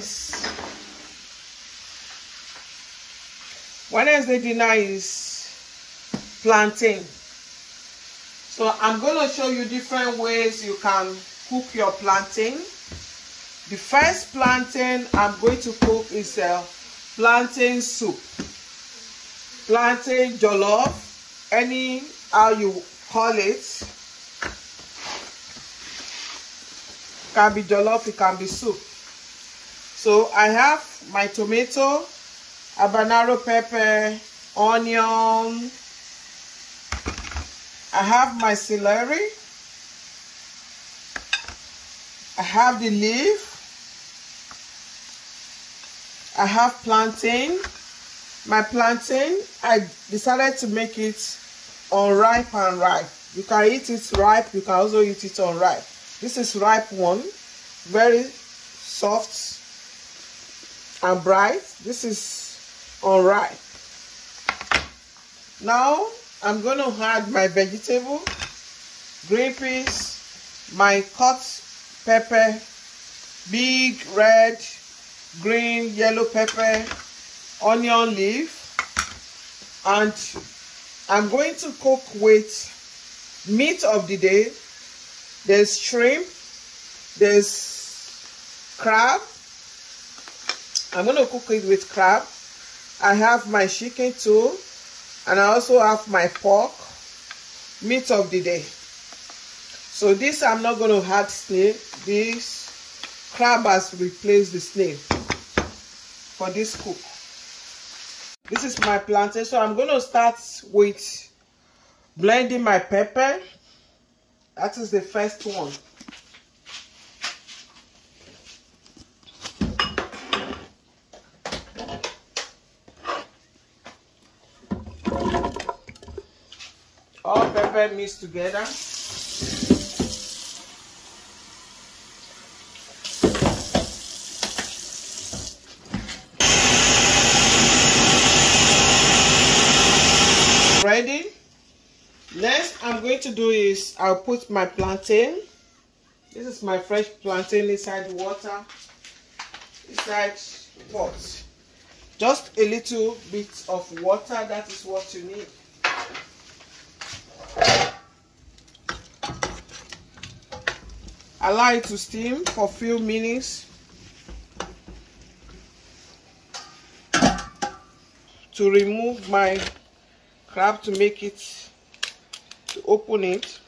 is Wednesday dinner is plantain. So I'm gonna show you different ways you can cook your planting. The first planting I'm going to cook is a uh, plantain soup. planting jollof, any how you call It can be jollof, it can be soup. So I have my tomato, habanero pepper, onion. I have my celery. I have the leaf. I have plantain. My plantain, I decided to make it unripe and ripe. You can eat it ripe, you can also eat it unripe. This is ripe one, very soft, and bright. This is unripe. Now, I'm going to add my vegetable, green peas, my cut pepper, big red, green, yellow pepper, onion leaf, and I'm going to cook with meat of the day. There's shrimp, there's crab, I'm going to cook it with crab. I have my chicken too. And I also have my pork. Meat of the day. So this I'm not going to add snail. This crab has replaced the snail for this cook. This is my plantain. So I'm going to start with blending my pepper. That is the first one. all pepper mixed together. Ready? Next, I'm going to do is I'll put my plantain. This is my fresh plantain inside the water, inside pot. Just a little bit of water, that is what you need. Allow it to steam for a few minutes to remove my crab to make it to open it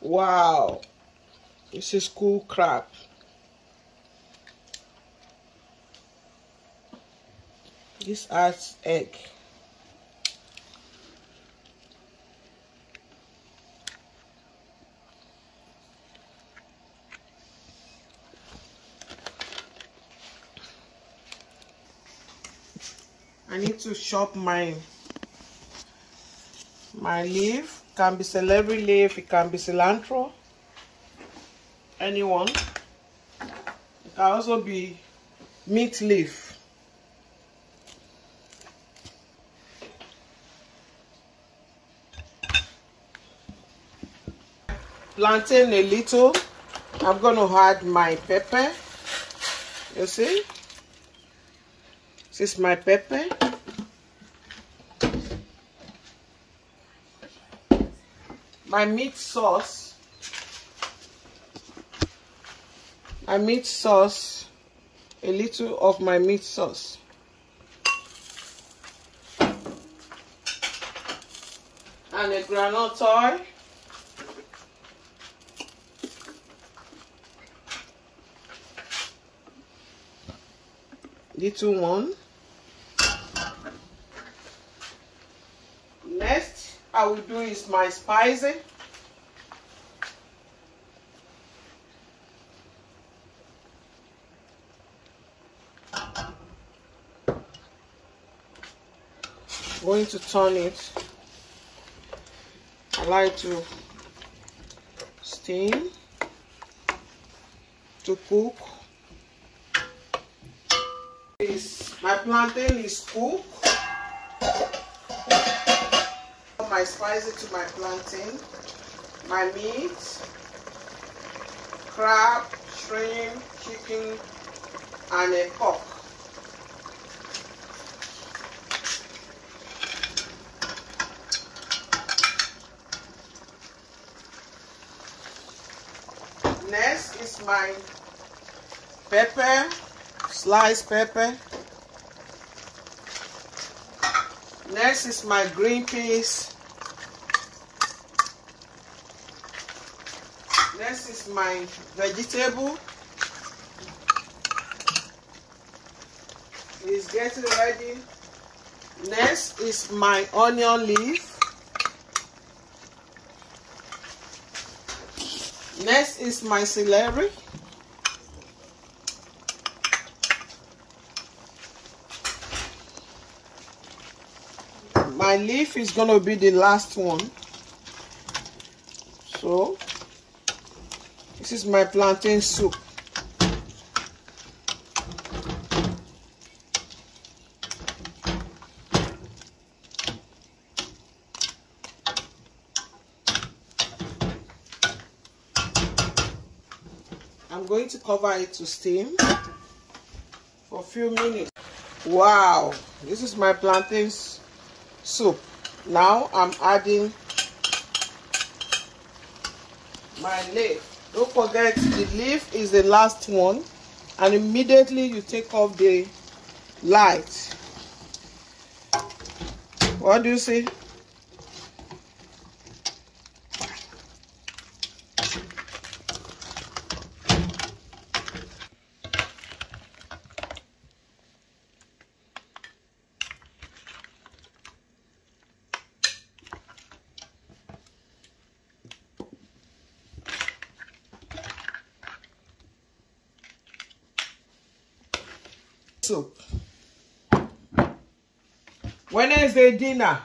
wow this is cool crab this adds egg I need to chop my My leaf can be celery leaf, it can be cilantro, anyone. It can also be meat leaf. Planting a little. I'm gonna to add my pepper. You see? This is my pepper. My meat sauce. My meat sauce. A little of my meat sauce. And a granite oil. little one I will do is my spicing. going to turn it I like to steam to cook my plantain is cooked my spices to my plantain, my meat, crab, shrimp, chicken, and a pork. Next is my pepper, sliced pepper. Next is my green peas. this is my vegetable. It's getting ready. Next is my onion leaf. Next is my celery. My leaf is going to be the last one. So, this is my plantain soup. I'm going to cover it to steam for a few minutes. Wow, this is my plantain soup. Now I'm adding my leaf. don't forget the leaf is the last one and immediately you take off the light what do you see soap. Wednesday dinner.